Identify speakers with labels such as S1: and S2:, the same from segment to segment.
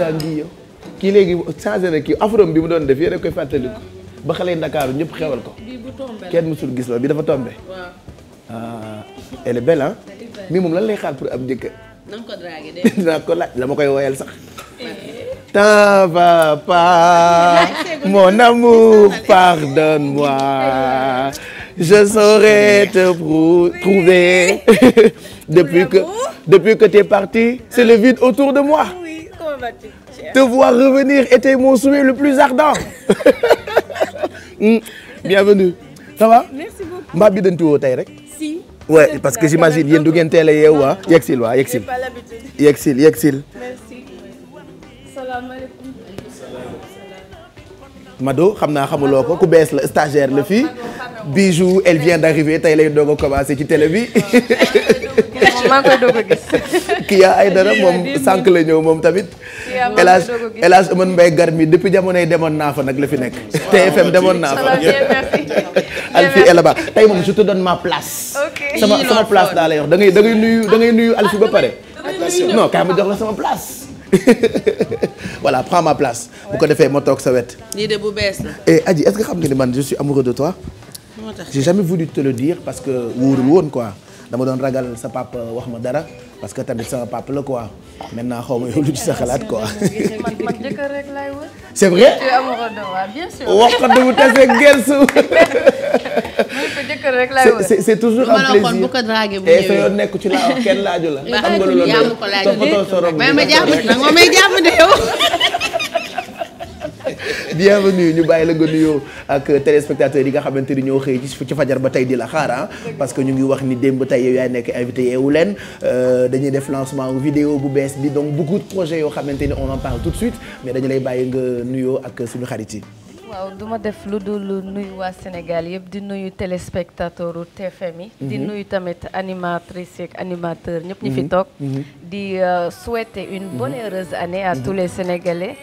S1: daa ngi yow kii léegi changé na kii afrom bi mu doon def yéen a koy fàttaliku ba xale ndakaaru ñëpp xewal ko kenn mësul gis loolu bi dafa tombé ah elle est belle ah mi moom lan lay xaar pour am jëkkër dinaa ko laaj la ma koy woyal sax t'en va pas mon amour pardonne-moi je saurais te trouver depuis que depuis que t'es parti c'est le vide autour de moi
S2: rebattu. Te voir
S1: revenir était mon le plus ardent. Hmm. Bienvenue. Ça va? Merci beaucoup. Mbaa bi dañ tuwoo tey rek. Si. Ouais, parce que j'imagine yéen du ngeen teel a yeewu waa. Ah. Yegsil waa yegsil. Yegsil yegsil.
S2: Merci. Salaamaaleykum.
S1: Mado xam naa xamuloo ko ku bees la stagiaire la fii. Bijou elle vient d'arriver tey lay doog a commencer ci télé bi. maa a kii yaa ay dara moom sànq la ñëw moom tamit.
S2: El Hadj El Hadj
S1: Oumar gar mi depuis jamonoy demoon naa fa nag la fi nekk. TFM demoon naa fa. fi Elaba tey moom je te donne ma place. sama sama place daa lay wax da ngay da nuyu da ngay nuyu Alfi ba ah, pare. non kaay ma jox la sama place. voilà prends ma place. bu ko defee ma toog sa wet. lii de bu bees la. et eh, Adji est-ce xam nga ni man je suis amoureux de toi. j'ai jamais voulu te le dire parce que wóorul woon quoi. dama doon ragal sa papa wax ma dara parce que tamit sama papa la quoi maintenant xaw ma yow lu ci sa xalaat quoi.
S2: man man jëkkër rek laay wër. c'est vrai. tu es amoureux de moi bien sûr. wax ko du tase gersu. c'est c'est toujours un plaisir bu ko dragué bu eh, ñëwee yoon
S1: nekk ci laa wax kenn laaju la. xam nga lu la doon toppatoo sa robe ma jàmm nag ma may jàmm de yow. bienvenue ñu bàyyi la nga nuyoo ak téléspectateurs yi nga xamante ni ñoo xëy ci fajar ba tey di la xaar ah, parce que ñu ngi wax ni démb tey yow yaay nekk invité yeewu leen euh, dañuy def lancement vidéo bu bees bi donc beaucoup projet projets yoo xamante ni on en parle tout de suite mais dañu lay bàyyi nga nuyoo ak suñu xarit yi
S2: waaw duma def lu dul nuyu waa Sénégal yëpp di nuyu téléspectateur TFM yi di mhm. nuyu tamit animatrice yeeg animateur ñëpp ñu fi mhm. toog mhm. di euh, souhaiter une bonne heureuse année à tous les Sénégalais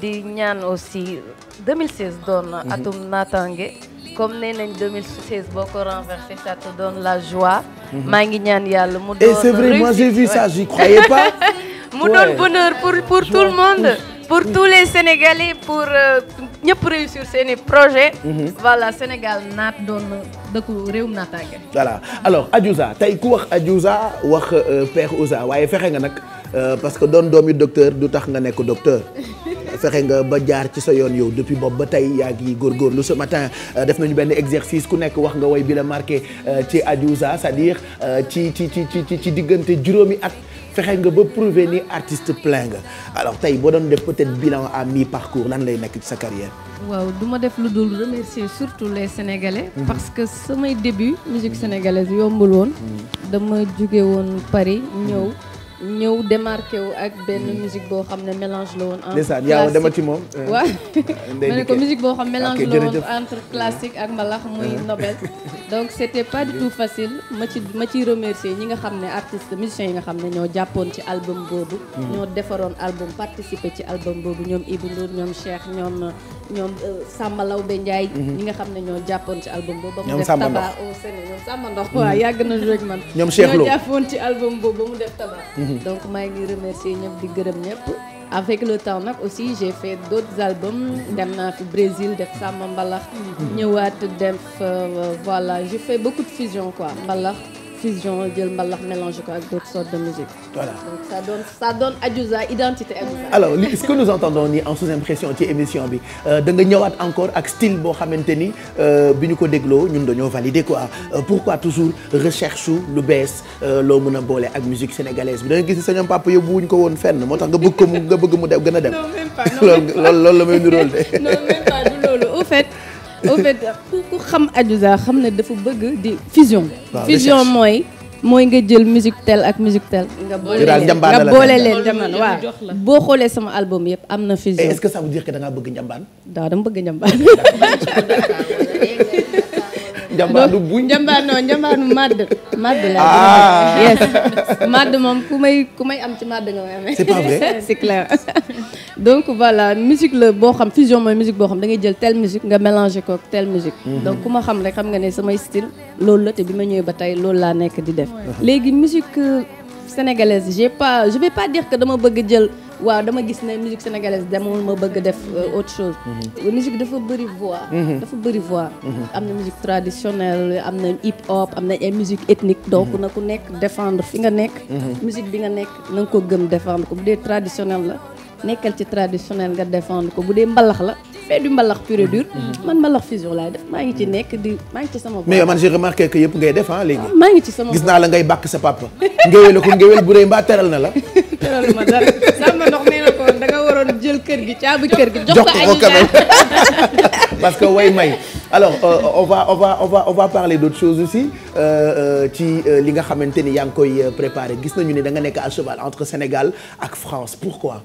S2: di ñaan aussi 2016 doon atum naataange comme nee nañ 2016 boo ko renversé ça te donne la joie maa ngi ñaan yàlla mu eh, doon et c'est vrai moi j'ai mu doon bonheur pour tout le monde pour tous les Sénégalais pour euh, ñëpp réussir seen i projet mhm. voilà Sénégal naat doon dëkku réewum naataange.
S1: voilà alors Adiouza tey ku wax Adiouza wax euh, Père Ouza waaye fexe nga nag euh, parce que doon doomi docteur du tax nga nekk docteur. fexe nga ba jaar ci sa yoon yow depuis boobu ba tey yaa ngi lu ce matin def nañu benn exercice ku nekk wax nga woy bi la marqué ci Adiouza c'est-à-dire ci ci ci ci ci diggante juróomi at. fexe nga ba prouver ni artiste plein nga alors tey boo doon def peut-être bilan à mi parcours lan lay nekk ci sa carrière
S2: waaw du ma def lu dul remercier surtout les sénégalais mhm. parce que samay début musique sénégalaise yombul woon mhm. dama jóge woon Paris ñëw mhm. ñëw démarqué wu ak benn musique boo xam ne mélange la woon. ndeysaan yaaw dama ci moom. waaw
S1: euh, ma ne ko
S2: la entre classique ak mbalax muy euh. nobel donc c' était pas du tout facile ma ci ma ciy remercier ñi nga xam ne artistes musiciens yi nga xam ne ñoo jàppoon ci album boobu. Mhm. ñoo defaroon album participer ci album boobu ñoom Ibou ñoom Cheikh ñoom ñoom euh, Samba Lawbe Ndiaye. Mhm. ñi nga xam ne ñoo jàppoon ci album boobu. ba mu def tabac au Sénégal ñoom Samba Ndox waaw mhm. yàgg nañu rek man. ñoom Cheikh Lo ñoo jàppoon ci album boobu ba mu def tabac. donc maa ngi remercier ñëpp di gërëm ñëpp. avec le temps nag aussi j'ai fait d'autres albums dem naa fi Brésil def Samba Mbalax mm-hmm. ñëwaat def euh, voilà j'ai fait beaucoup de fusion quoi mbalax fusion jël mbalax mélange ko ak d'autres sortes de musique. voilà donc ça donne ça donne identité Adiouza.
S1: alors li ce que nous entendons ni en sous impression ci émission bi euh, da ñëwaat encore ak style boo xamante ni euh, bi ñu ko dégloo ñun dañoo valider quoi euh, pourquoi toujours recherche lu bees loo mën a boole ak musique sénégalaise bi da nga gis ne sa ñoom papa yóbbu ko woon fenn moo tax nga bëgg ko mu nga bëgg mu dem gën a dem. non même la may nuróol de. non même pas
S2: du loolu au fait. au fait ku ku xam Adiouza xam ne dafa bëgg di fusion. fusion mooy. mooy nga jël musique tel ak musique tel. nga boole leen nga boole leen jaman waaw boo xoolee sama album yëpp am na fusion. est-ce que ça veut dire bëgg njambaan. waaw dama bëgg njambaan.
S1: njambaanu buñ
S2: njambaa non njambaanu madd madd laa ah yes madd moom ku may ku may ci madd nga may amee c'est pas vrai c'est clair donc voilà musique la boo xam fusion mooy musique boo xam da ngay jël telle musique nga mélanger ko telle musique mhm. donc ku ma xam rek xam nga ne samay style loolu la te bi ma ñëwee ba tey loolu la nekk di def léegi musique euh, sénégalaise j'ai pas je vais pas dire que dama bëgg jël waaw dama gis ne musique sénégalaise demul ma bëgg def euh, autre chose. Mhm. musique dafa bëri voix. Mhm. dafa bëri voix. Mhm. am na musique traditionnelle am na hip hop am na ay musique ethnique donc na ku nekk défendre fi nga nekk. musique bi nga nekk na nga ko gëm défendre ko bu dee traditionnel la nekkal ci traditionnel nga défendre ko bu dee mbalax la. fait du mbalax pur et dur. man mbalax fusion laay def maa ngi ci nekk di maa ngi ci sama. mais
S1: man j'ai remarqué yëpp ngay def ah léegi.
S2: maa ngi ci sama gis naa
S1: la ngay bàkk sa papa. ngéwél ko ngéwél bu rëy mbaa teral na la. tëral ma
S2: ndox nee na ko waroon jël kër gi caabi kër gi. jox ko ko
S1: parce que way may alors euh, euh, on va on va on va aussi euh, euh, ci li nga xamante ni yaa ngi koy préparer gis na ñu ne da nga nekk a cheval entre Sénégal ak France pourquoi.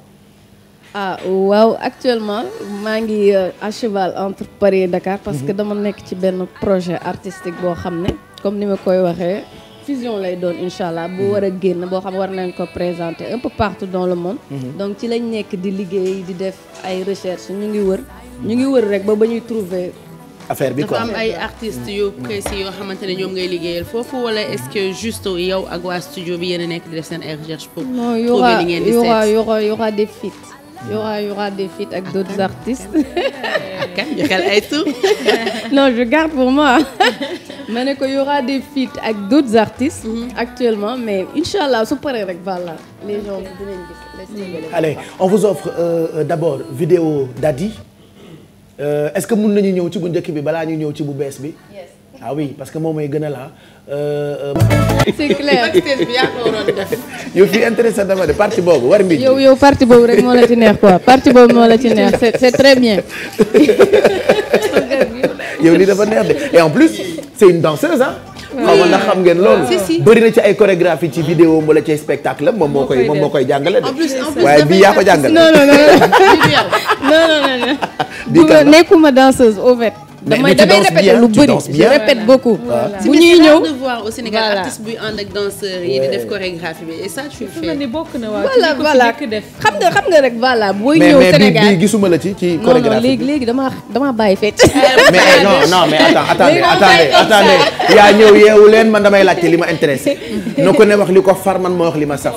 S2: ah waaw actuellement maa ngi à cheval entre Paris et Dakar. parce mhm. que dama nekk ci benn projet artistique boo xam ne comme ni ma koy waxee. diffusion lay doon incha allah bu war a génn boo xam war nañ ko présenter un peu partout dans le monde mhm. donc ci lañ nekk di liggéey di def ay recherche ñu ngi wër ñu ngi wër rek ba ba ñuy trouver
S1: affaire bi quoi dafa am ay artistes yu mhm.
S2: précis yoo xamante ne ñoom ngay liggéeyal foofu wala est-ce que juste yow ak waa studio bi yéen nekk di def seen ay recherche pour trouver li ngeen di seet non y aura y aura des feats avec d'autres artistes. non je garde pour moi. ma ne ko y aura des feats ak d'autres artistes. actuellement mais incha allah su paree rek voilà les gens dinañ gis. allez
S1: on vous offre euh, euh, d'abord vidéo d'Adi euh, est-ce que mën nañu ñëw ci bu njëkk bi balaa ñu ñëw ci bu bees bi. ah oui parce que moom mooy gën a la yo euh, euh, clair backstage bi yaa de parti boobu war mbi yow yow
S2: parti boobu rek moo la ci neex quoi parti boobu moo la ci neex c'est c'est très bien.
S1: yow lii dafa neex de et en plus c'est une danseuse ah. xaw ma ndax xam ngeen loolu. bëri na ci ay chorégraphie ci vidéo wala ci spectacle am moom moo koy moom moo koy jàngale de. en plus en plus waaye bii yaa ko jàngale. non non non non non non
S2: non nekkuma danseuse au fait. damay damay répéter lu bëri je répète beaucoup. bu ñuy ñëw voilà voir buy ànd ak danseur yi di def chorégraphie bi et ça tu fais. voilà voilà xam nga xam nga rek voilà ñëw Sénégal mais
S1: gisuma la ci ci chorégraphie non léegi
S2: léegi dama damaa bàyyi fecc.
S1: Ah, mais non non mais attends attendez attendez attendez yaa leen man damay laajte li ma intéressé no ko ne wax li ko far man moo wax li ma saf.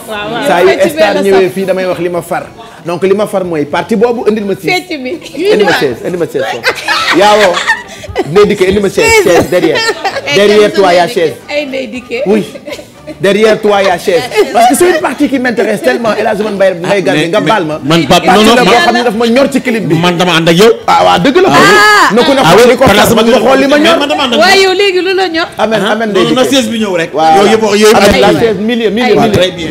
S1: saa yu star ñëwee fii damay wax li ma far donc li ma far mooy parti boobu indil ma siis. fecc
S2: bi indil ma siis
S1: indil ma siis foofu. Yaawo. Ndeye Diké indi ma chaise chaise derrière. derrière toi a chaise.
S2: ay Ndeye Diké oui.
S1: derrière toi a chaise. parce que c'est une partie qui m'intéresse tellement El Hadj Man Mbaye ah, Mbaye Gane ma. man Pape non non man boo xam ne daf ma ñor ci clip bi. man dama ànd ak yow. ah waaw ah, ah, ma nga xool li ma ñor. waaye yow
S2: léegi lu la ñor.
S1: amen amen Ndeye Diké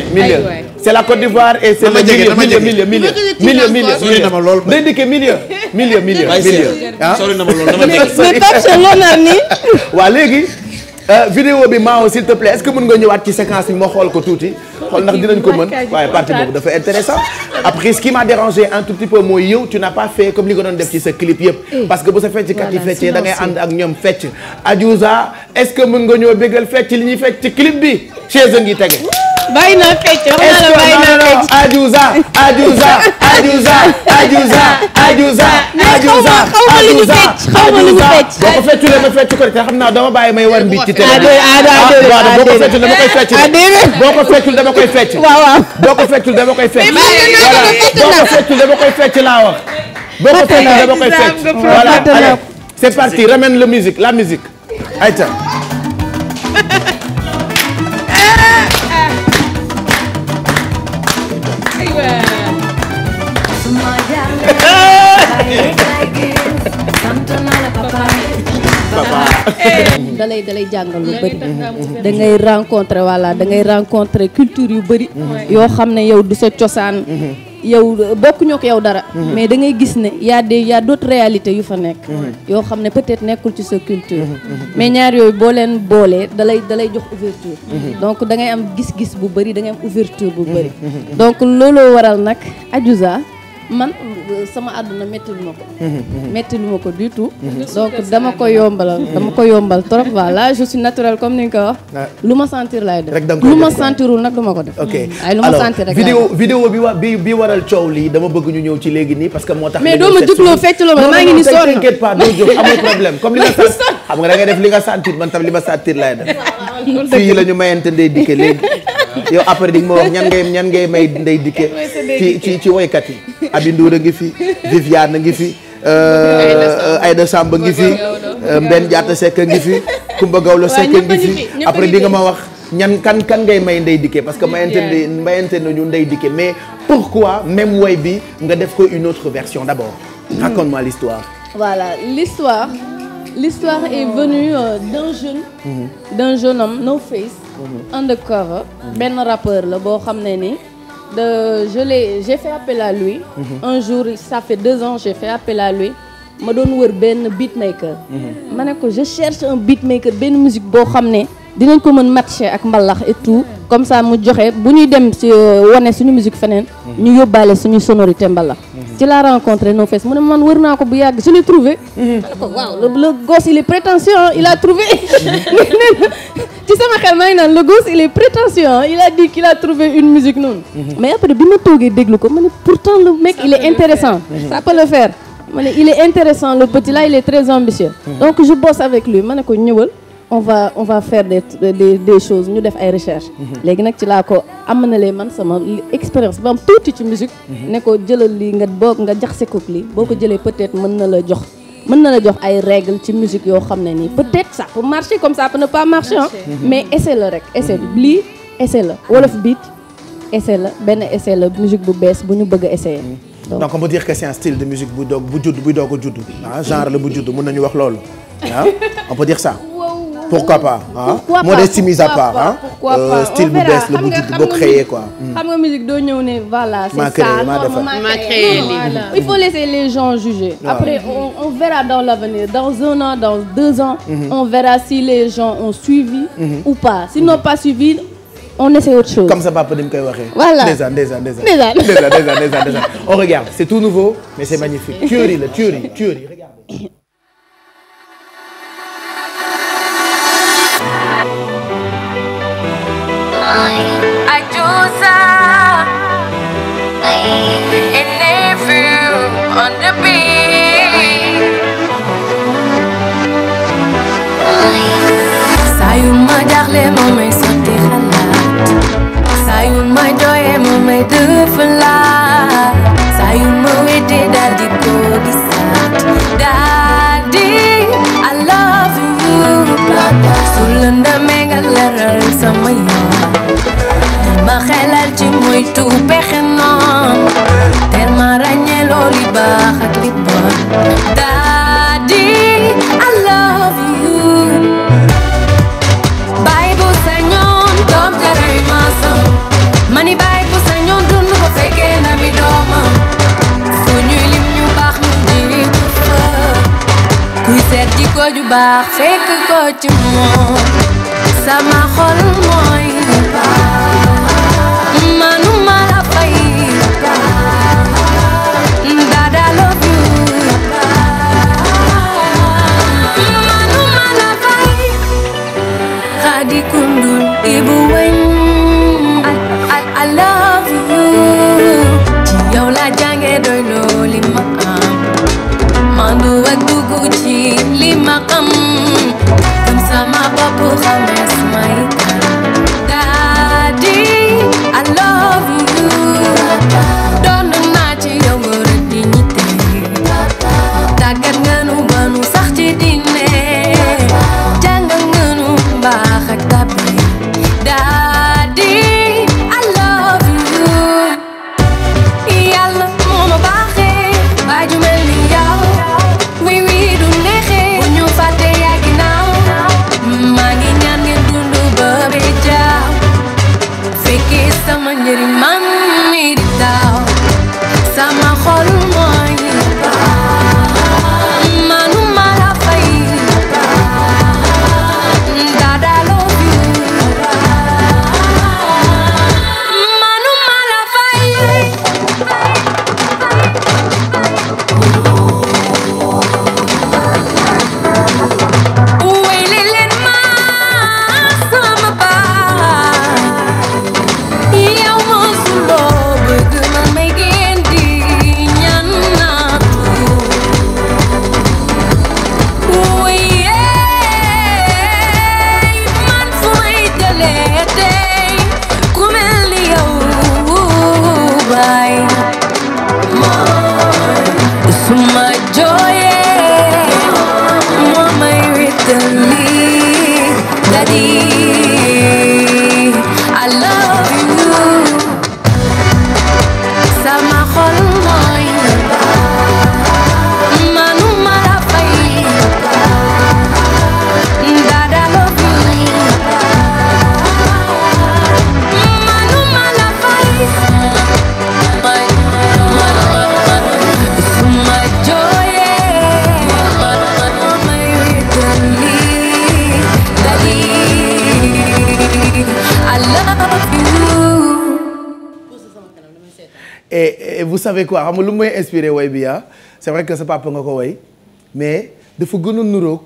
S1: non c'est la Côte d'Ivoire et c'est le milieu milieu milieu milieu milieu sori na ma lool day dikkee milieu milieu milieu milieu ah sori na ma lool dama jege mais Pape Cheikh loo naan ni waaw léegi euh, vidéo bi Mao s'il te plaît est-ce que mën nga ñëwaat ci séquence bi ma xool ko tuuti xool ndax dinañ ko mën waaye partie boobu dafa intéressant après ce qui m'a dérangé un tout petit peu mooy yow tu n'as pas fait comme li nga doon def ci sa clip yëpp eh. parce que bu sa fecckat yi feccee da ngay ànd ak ñoom fecc Adiouza est-ce que mën nga ñëw bégal fecc li ñuy fecc ci clip bi chaise ngi tege bàyyi naa fecc wax na la bàyyi naa fecc ajuza ajuza ajuza ajuza ajuza ajuza xaw ma lu ñu fecc xaw ma lu ñu fecc boo ko fecculee ma fecc ko rek xam naa dama bàyyi may war mbi ci télé boo ko feccul dama koy fecc ah, boo ko feccul dama koy fecc waaw waaw boo ko feccul dama koy fecc boo ko feccul dama koy fecc laa wax boo ko feccul dama koy fecc voilà c'est parti ramène la musique la musique ayta
S2: Eh. dalay dalay jàngal lu bëri da ngay rencontrer voilà da ngay rencontrer culture yu bëri yoo xam ne yow du sa cosaan mhm. yow ñoo ko yow dara mhm. mais da ngay gis ne yaa de des y a d'autres yu fa nekk mhm. yoo xam ne peut-être nekkul ci sa culture mais ñaar yooyu boo leen boolee dalay dalay jox ouverture donc da ngay am gis-gis bu bëri da ngay am ouverture bu bëri donc looloo waral nag Adiouza man sama àdduna métti lu ma ko. Mm-hmm. métti lu ma ko du tout. Mm-hmm. donc dama ko yombalal ko yombal trop voilà je suis naturelle comme ni nga ko wax. Ah. lu ma sentir laay def. lu ma sentirul nag du ma ko def. ok mm. ay lu ma
S1: bi wa bi waral coow lii dama bëgg ñu ñëw ci léegi nii parce que moo tax. mais doo ma jugloo fecculoo ma maa ngi ni sonn. li nga sant xam nga da ngay def li nga sentir man tam li ma sentir laay def. fii la ñu mayante ndey dikke léegi yow après di nga ma wax ñan ngay may ndey dikke ci ci ci yi Aby a ngi fi Viviane a ngi fi euh, Aïda Samba ngi fi euh, Mbène Diatta Seck a ngi fi Coumba Gawlo Seck a ngi fi après di nga ma wax ñan kan kan ngay may Ndeye Diké parce que mayante mayante nañu Ndeye Diké mais pourquoi même woy bi nga def ko une autre version d'abord hmm. raconte-moi l'histoire
S2: voilà l'histoire l'histoire est venue euh, d'un jeune mm No Face mm -hmm. undercover hmm. benn rappeur la boo xam ne ni de je l'ai j'ai fait appel à lui. Mhm. un jour ça fait ans j'ai fait appel à lui. ma doon wër benn beatmaker. Mhm. ma ne ko je cherche un beatmaker benn musique boo xam ne dinañ ko mën matcher ak mbalax et tout. comme ça mu joxe bu ñuy dem si euh, wane suñu musique feneen. Mhm. ñu yóbbaale suñu sonori mbala. Mhm. ci la rencontré No Face mu ne man wër naa ko bu yàgg je l'ai trouvé. Mhm. le le gosse il est prétentieux il a trouvé. ci sama xel maa ngi naan le gosse il est prétentieux il a dit qu'il a trouvé une musique noonu. mais après bi ma toogee déglu ko ma ne pourtant le mec il est intéressant ça peut le faire ma ne il est intéressant le petit là il est très ambitieux. donc je bosse avec lui on va on va faire des des, des choses ñu def ay recherche mhm. léegi nag ci laa ko am na lee man sama expérience ba tuuti ci musique mhm. ne ko jëlal lii nga boo nga jaxase ko lii boo ko jëlee peut-être mën na la jox mën na la jox ay règles ci musique yoo xam ne nii peut-être ça peut marcher comme ça peut ne pas marcher hein mhm. mais essaie la rek essaie lii essaie la wolof beat essaie la benn essaie la musique bu bees bu ñu bëgg a essayer
S1: donc on peut dire que c'est un style de musique bu doog bu judd bu doog a judd ah, bu judd mën nañu wax loolu ah on peut dire ça pourquoi pas ah. pourquoi pas modestie mise à part ah. pourquoi euh, pas style bu bees la bu judd boo créé quoi. xam
S2: nga musique doo ñëw ne voilà. c'est ça non il faut laisser les gens juger. on on verra dans l'avenir dans un an dans deux ans. Mhm. on verra si les gens ont suivi. Mhm. ou pas si n'ont pas suivi.
S1: on essaie autre chose comme ça papa dañ koy waxee. voilà déjà déjà déjà. déjà déjà déjà déjà on regarde c'est tout nouveau mais c'est magnifique. tuerie la tuerie tuerie.
S2: saytu pexe noon teel ma ràññee baax ak li bon daddy I love you baay bu sañoon doom jaray maasam baay bu sañoon dund ko fekkee na mi doomam suñuy lim ñu baax ñu jiitu fa kuy seet ko ju baax fekk ko ci moom sama xol mooy man
S1: savez quoi am nga lu may inspiré way bi ah c'est vrai que sa papa nga ko way mais dafa gën a nuroog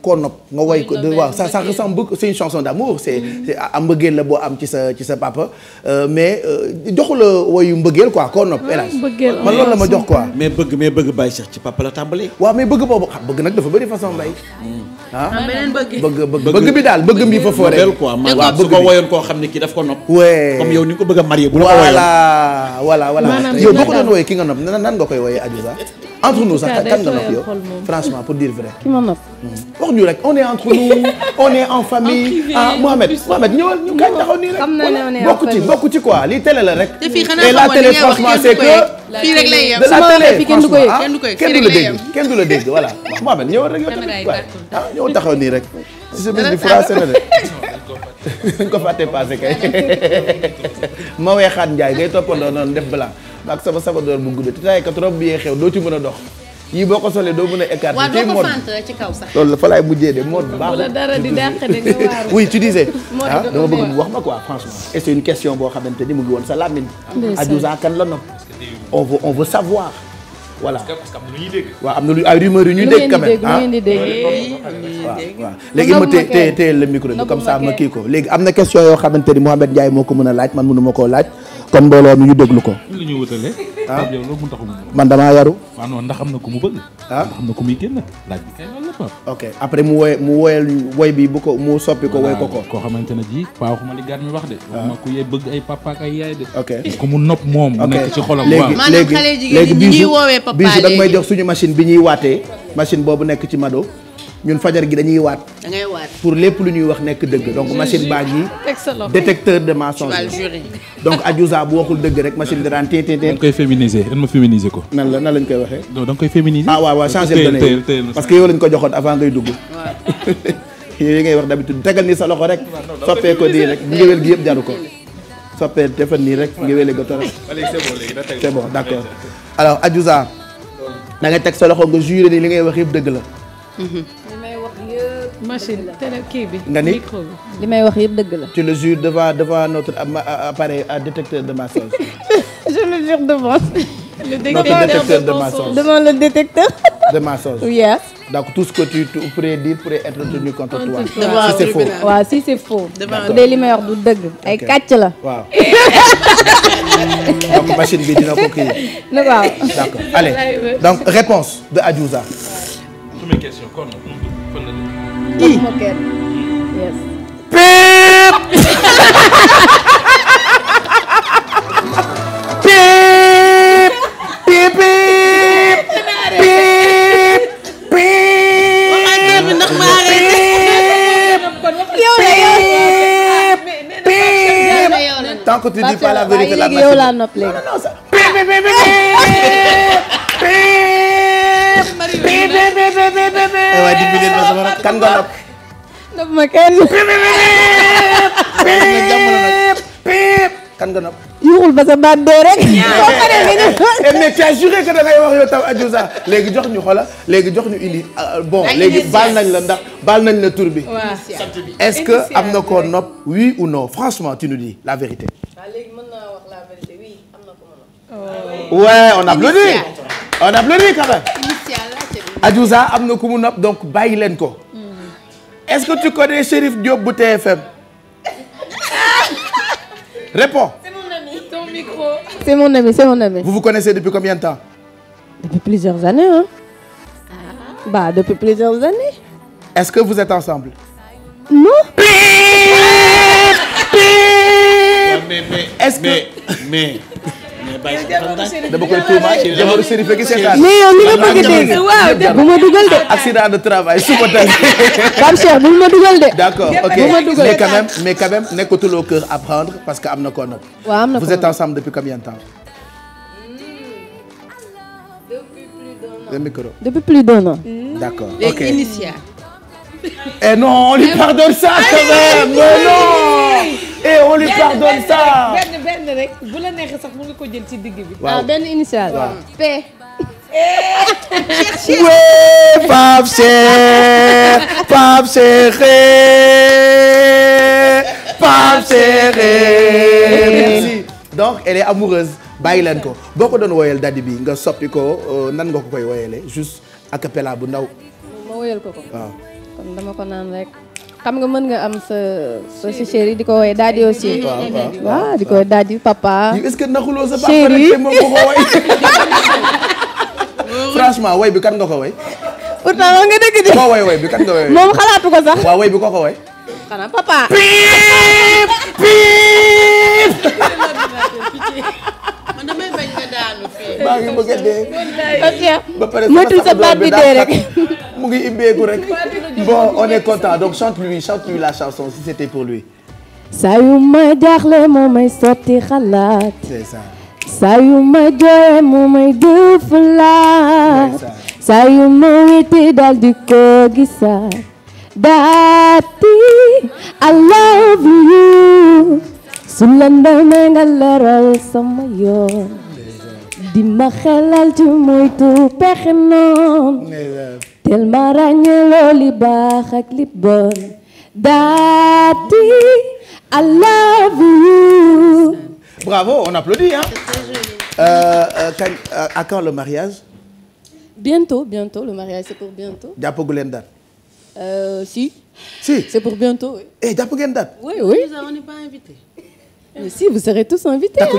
S1: koo nopp nga woy ko waaw ça sa ressemble sa c'est une chanson d'amour c'est mm. c'est am mbëggeel la boo am ci sa ci sa papa euh, mais euh, joxula woyu mbëggeel quoi koo nopp hélas man loolu la ma jox quoi mais bëgg mais bëgg Baye Cheikh ci papa la tàmbalee waaw bëgg boobu xam ah, bëgg dafa bëri façon Baye mm. ah, ah bëgg bëgg bi daal bëgg bi fa fooree waaw bëgg ko woyoon koo xam ne kii daf ko nopp comme yow ni ko bëgg a marié bu la ko woyoon voilà voilà voilà yow boo ko doon woyee ki nga nopp nan nan nga koy woyee Adiouza entre nous sax kan nga nopp yow franchement pour dire vrai. ki ma nopp. wax ñu rek on est entre nous on est en famille. ah Mohamed Mohamed ñëwal ñu kañ taxaw nii rek. xam naa ne on est en famille bokk ci bokk ci quoi lii télé la rek. te fii xanaa xamoon li ngay wax fii rek lay yem de la télé franchement kenn du la dégg kenn du la dégg voilà Mohamed ñëwal rek yow tamit waaye ah ñëwal taxaw nii rek. si semaine bi français la de. dañ ko fàtte passé kay. ma weexaat Ndiaye ngay toppandoo noonu def balaa. ak sama sabadoor bu gudd te taay kat robe bi xew doo ci mën a dox yii boo ko solee doo mën a écarter. waaw doo ko la fa laay mujjee de mode baaxul. wala a di dàq
S2: de nga waaru.
S1: oui ah, bëgg mu wax ma quoi franchement. et c'est question boo xamante ni mu ngi woon sa làmmiñ. Adiouza kan la nopp. on veut on veut savoir. voilà parce que am na lu ñuy dégg. waaw am na lu ay yu ñuy dégg. quand même ah lu ngeen di dégg waaw léegi ma téye téye le micro bi comme ça ma kii ko léegi am na question yoo xamante ni Mouhamed Ndiaye moo ko mën a laaj man mënu koo laaj kon mbooloo mi ñu déglu ko. li ñu wutalee. ah yow loolu mu man damaa yaru. waaw ah non am na ku mu bëgg. ah am na ku muy génn laaj ok après mu woy mu woyal woy bi bu ko mu soppi ko woy ko ko. koo xamante ne ji Paa waxuma li gàtt mi wax de. waaw ah. waxuma ku ay papa ak ay yaay de. ok mu nopp moom. ok nekk ci xolam léegi léegi léegi bisu bisu da nga may jox suñu machine bi ñuy waatee machine boobu nekk ci mado ñun fajar gi dañuy waat. da pour lépp lu ñuy wax nekk dëgg. donc machine baa ngi. détecteur de mensonge donc Adiouza bu waxul dëgg rek machine bi daan téye téye téye. da nga koy féminiser dan ko. nan la nan lañ koy waxee. non da nga koy féminiser. ah waaw waaw changer données parce que yow lañ ko joxoon avant ngay dugg. yooyu ngay wax d'habitude tegal ni sa loxo rek. soppee ko nii rek ngéwél gi yëpp jaru ko. soppee defal nii rek ngéwél ga torop. c'est bon d'accord alors Adiouza. na nga teg sa loxo nga juré ni li ngay wax yëpp dëgg la.
S2: Mhm. machine télé kii bi nga ni li may wax yëpp dëgg la.
S1: tu le jures devant devant notre appareil à détecteur de mensonge.
S2: je le jure devant. le détecteur de mensonge devant le détecteur.
S1: de mensonge. yes. donc tout ce que tu pourrais dire pourrait être tenu contre toi. si c'est
S2: faux waaw si li may wax dëgg. ay kàcc
S1: la donc bi dina ko kii. donc réponse de Adiouza. kii péép péép péép péép
S2: péép ndax maa rey
S1: tant que tu dis pas la vérité la machine yow laa nopp léegi péép
S2: péép péép
S1: péép kan nga nopp. nopp ma kenn. piip kan nga nopp. yuuxul ba sa baat eh, mais tu as juré dangay wax yow tam aju léegi jox ñu xola léegi jox ñu indi euh, léegi baal nañ la ndax baal nañ la tur bi.
S2: est-ce que am
S1: na koo nopp oui ou non franchement tu nous dis la vérité.
S2: waaw am na ko oh.
S1: ah am na ku mu nopp donc bàyyi leen ko. est-ce que tu connais Chérif Diop bu TFM. réponds. mon ami ton mon ami c'est mon ami. vous vous de temps. depuis plusieurs années hein. ah. bah depuis plusieurs années. que vous êtes ensemble. non. Pip, pip. Ouais, mais bàyyi dama koy tuumaal jabaru Serif rek seetaan mais yow li nga bëgg a dégg waaw bu ma dugal de accident de travail suba tey Pape Cheikh bu ma dugal de d'accord ok mais quand même mais quand même nekkatul au cœur à prendre parce que am na koo noppi waaw am na vous êtes ensemble depuis combien de temps le micro depuis plus d'un an hmm. d'accord ok les initiales et eh non on lui eh pardonne ça quand même ah mais non et eh, on lui pardonne ça benn
S2: benn rek bu la neexee sax mën nga ko jël ci digg bi. waaw ah, benn initiale. waaw P. wéé
S1: eh, Pape Cheikh Pape Cheikh Pape Cheikh. merci donc elle amoureuse bàyyi leen ko boo ko doon woyal dadi bi nga soppi ko euh, nan nga ko koy woyalee juste acapella bu ndaw. ma woyal ko ko waaw. kon ko naan rek
S2: xam nga mën nga am sa sa chéri di ko woowee daadi aussi.
S1: di ko daadi papa. est-ce woy bi kan nga ko woy. pourtant wax nga dëgg de. moom xalaatu ko sax. waaw woy bi koo ko woy.
S2: xanaa papa. piip piip.
S1: daanu fii. maa ngi bëgg a dee. sa baat bi dee rek. mu ngi imbeeku rek. bon on est content donc chante lui chante lui la chanson si c'était pour lui.
S2: saa yu ma jaaxle moo may sotti xalaat. c'est yu ma jooye moo may def laat. saa yu ma wéete daal di ko gisaat. daati I love you. su la ndamee nga leeral sama yoon. di ma xelal ci moytu pexe noonu tel ma ràññeloo li baax li bon daati I love
S1: bravo on applaudit hein euh, euh, euh quand, le mariage
S2: bientôt bientôt le mariage c'est pour bientôt jàppagu leen euh, si c'est pour bientôt oui. et eh, jàpp oui oui nous on invité
S1: mais si vous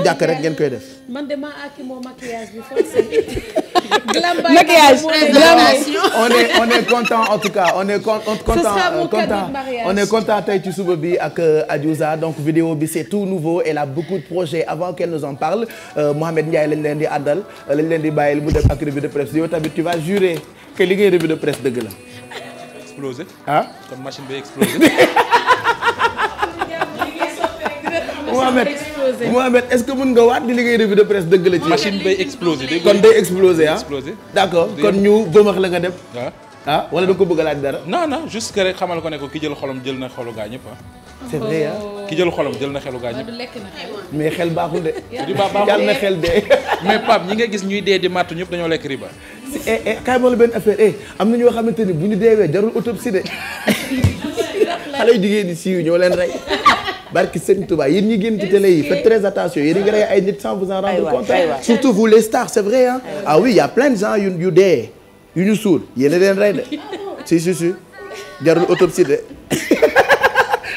S1: jàkk rek ngeen koy def.
S2: man de maa àkki moo maquillage bi maquillage on est on est
S1: content en tout cas on est con on content euh, content on est content tey bi ak euh, Adiouza donc vidéo bi tout nouveau elle a beaucoup de projets avant qu'elle nous en parle euh, Mohamed Ndiaye lañ leen di àndal lañ leen di bàyyil mu def ak revue de presse yow tamit tu vas jurer que li ngay revue de presse dëgg la. explosé. ah bi explosé. Mouhamed Mouhamed est-ce que mën nga waat di liggéey revue de presse dëgg la ci. machine bay explosé kon day explosé ah. kon ñu bëmax la nga dem. ah, ah wala da ko bëgg a laaj dara. non na juste que rek xamal ko ne ko ki jël xolam jël na xolu gaa ah.
S2: oh. ki jël
S1: xolam jël na xelu gaa ñëpp. mais xel baaxul de. yàlla na xel de. mais Pape ñi nga gis ñuy dee di màttu ñëpp dañoo lekk riba. si eh eh kaay ma la benn affaire eh, am na ñoo xamante ni bu ñu deewee jarul autopsie de xale yi jigéen ñi siiw ñoo leen rey. barki Serigne Touba yéen ñi yi faites très attention yéen a ngi rey ay nit sans vous en rendre compte surtout vous les stars c'est vrai hein ah y a de gens yu yu dee yu ñu suul yéen a leen rey de si si si jarul autopsie de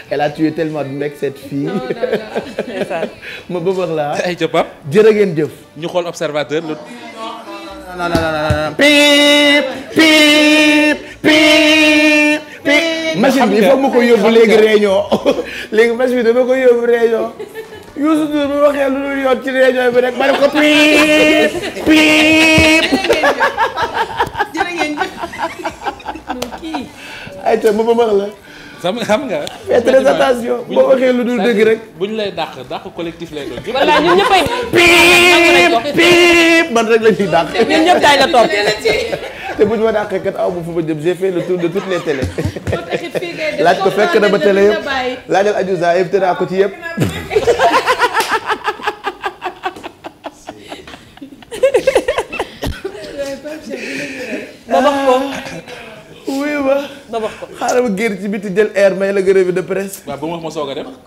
S1: elle a tué de mecs cette fille ma bëggoon la ay jëppam ah. jërë ngeen jëf. ñu xool observateur lu. non machine bi foog ma ko yóbbu léegi réunion léegi machine bi dama ko yóbbu réunion Youssou Ndour bu waxee lu dul yoon ci réunion bi rek ma ne ko piip piip jërë ngeen kii ay te ma ma la sam xam nga. faites très attention boo waxee lu dul dëgg rek. bu ñu lay dàq dàq collectif lay doon. voilà ñun man rek la ñuy dàq. ñun topp. te bu ñu ma dàqee kat aw ma fu le tour de toutes les télés. laaj ko fekk na ma télé yëpp laajal Adiouza yëpp te ba bax ko. wuyu ci biti jël air may la gërëm de presse. waaw